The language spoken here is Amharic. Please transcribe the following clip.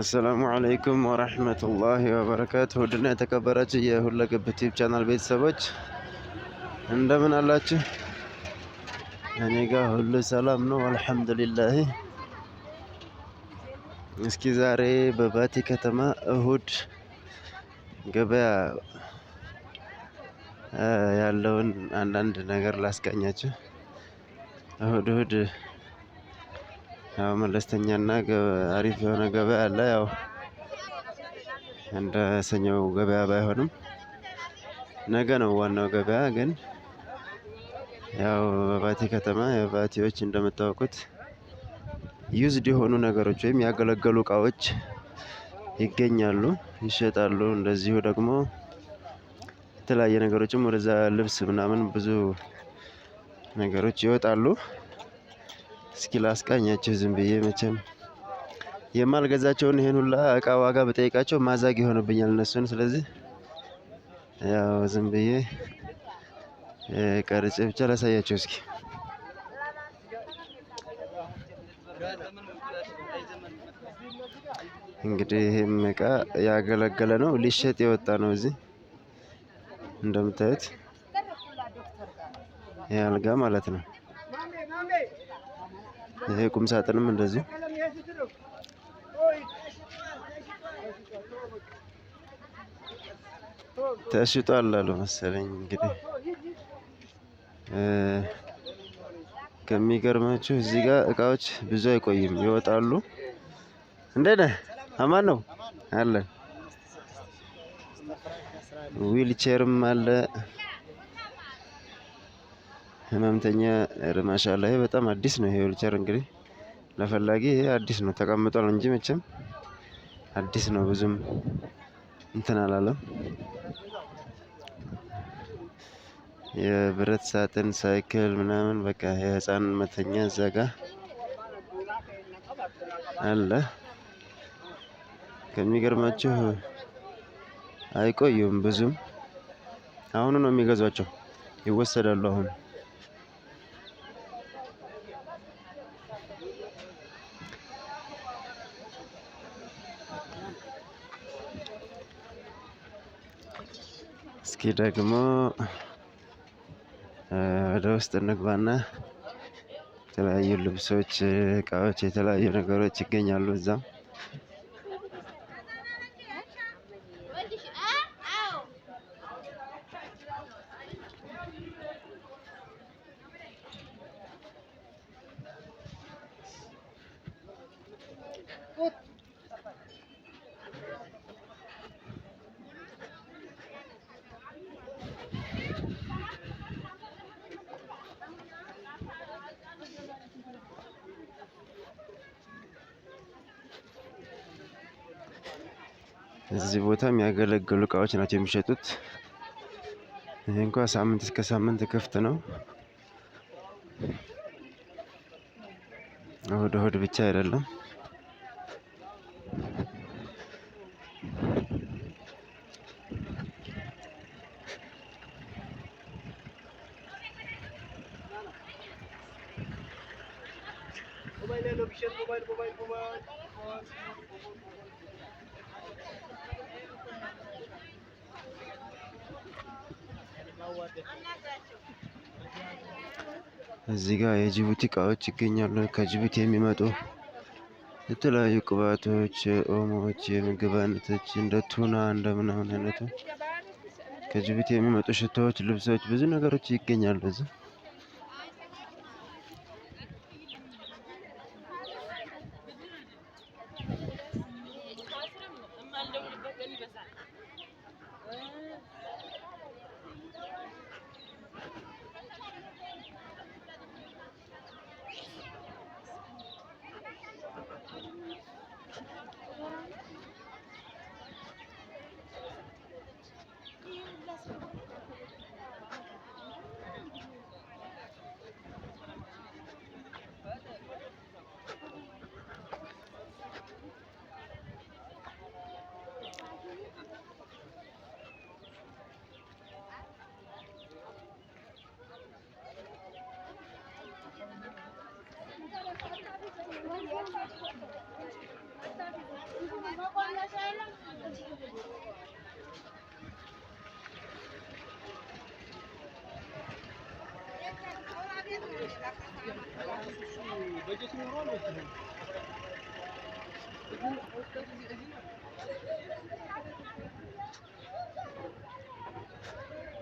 አሰላሙ አለይኩም ወረህመቱላሂ ወበረካቱ ውድና የተከበራችሁ የሁለገብ ቲዩብ ቻናል ቤተሰቦች እንደምን አላችሁ? እኔ ጋር ሁሉ ሰላም ነው አልሐምዱሊላህ። እስኪ ዛሬ በባቲ ከተማ እሁድ ገበያ ያለውን አንዳንድ ነገር ላስቃኛችሁ። እሁድ እሁድ ያው መለስተኛና አሪፍ የሆነ ገበያ አለ። ያው እንደ ሰኞው ገበያ ባይሆንም ነገ ነው ዋናው ገበያ። ግን ያው በባቲ ከተማ የባቲዎች እንደምታወቁት ዩዝድ የሆኑ ነገሮች ወይም ያገለገሉ እቃዎች ይገኛሉ፣ ይሸጣሉ። እንደዚሁ ደግሞ የተለያየ ነገሮችም ወደዛ ልብስ ምናምን ብዙ ነገሮች ይወጣሉ። እስኪ ላስቃኛቸው ዝም ብዬ መቼም የማልገዛቸውን ይሄን ሁላ እቃ ዋጋ በጠይቃቸው ማዛግ ይሆንብኛል እነሱን። ስለዚህ ያው ዝም ብዬ ቀርጬ ብቻ ላሳያቸው እስኪ እንግዲህ ይህም እቃ ያገለገለ ነው፣ ሊሸጥ የወጣ ነው። እዚህ እንደምታዩት ያልጋ ማለት ነው። ይሄ ቁም ሳጥንም እንደዚህ ተሽጧል አሉ መሰለኝ። እንግዲህ ከሚገርማችሁ እዚህ ጋር እቃዎች ብዙ አይቆይም ይወጣሉ። እንዴት ነህ? አማን ነው አለን። ዊልቸርም አለ ህመምተኛ ማሻላ ይሄ በጣም አዲስ ነው። ይሄ ዊልቸር እንግዲህ ለፈላጊ ይሄ አዲስ ነው ተቀምጧል እንጂ መቼም አዲስ ነው ብዙም እንትን አላለም። የብረት ሳጥን ሳይክል ምናምን በቃ የህፃን መተኛ እዛ ጋ አለ። ከሚገርማችሁ አይቆዩም ብዙም፣ አሁኑ ነው የሚገዟቸው፣ ይወሰዳሉ አሁን ደግሞ ወደ ውስጥ እንግባና የተለያዩ ልብሶች፣ እቃዎች፣ የተለያዩ ነገሮች ይገኛሉ እዛም እዚህ ቦታ የሚያገለግሉ እቃዎች ናቸው የሚሸጡት። ይህ እንኳ ሳምንት እስከ ሳምንት ክፍት ነው። እሁድ እሁድ ብቻ አይደለም። እዚህ ጋር የጅቡቲ እቃዎች ይገኛሉ። ከጅቡቲ የሚመጡ የተለያዩ ቅባቶች፣ ኦሞዎች፣ የምግብ አይነቶች እንደ ቱና እንደ ምናምን አይነቱ ከጅቡቲ የሚመጡ ሽቶዎች፣ ልብሶች፣ ብዙ ነገሮች ይገኛሉ እዚህ Thank you.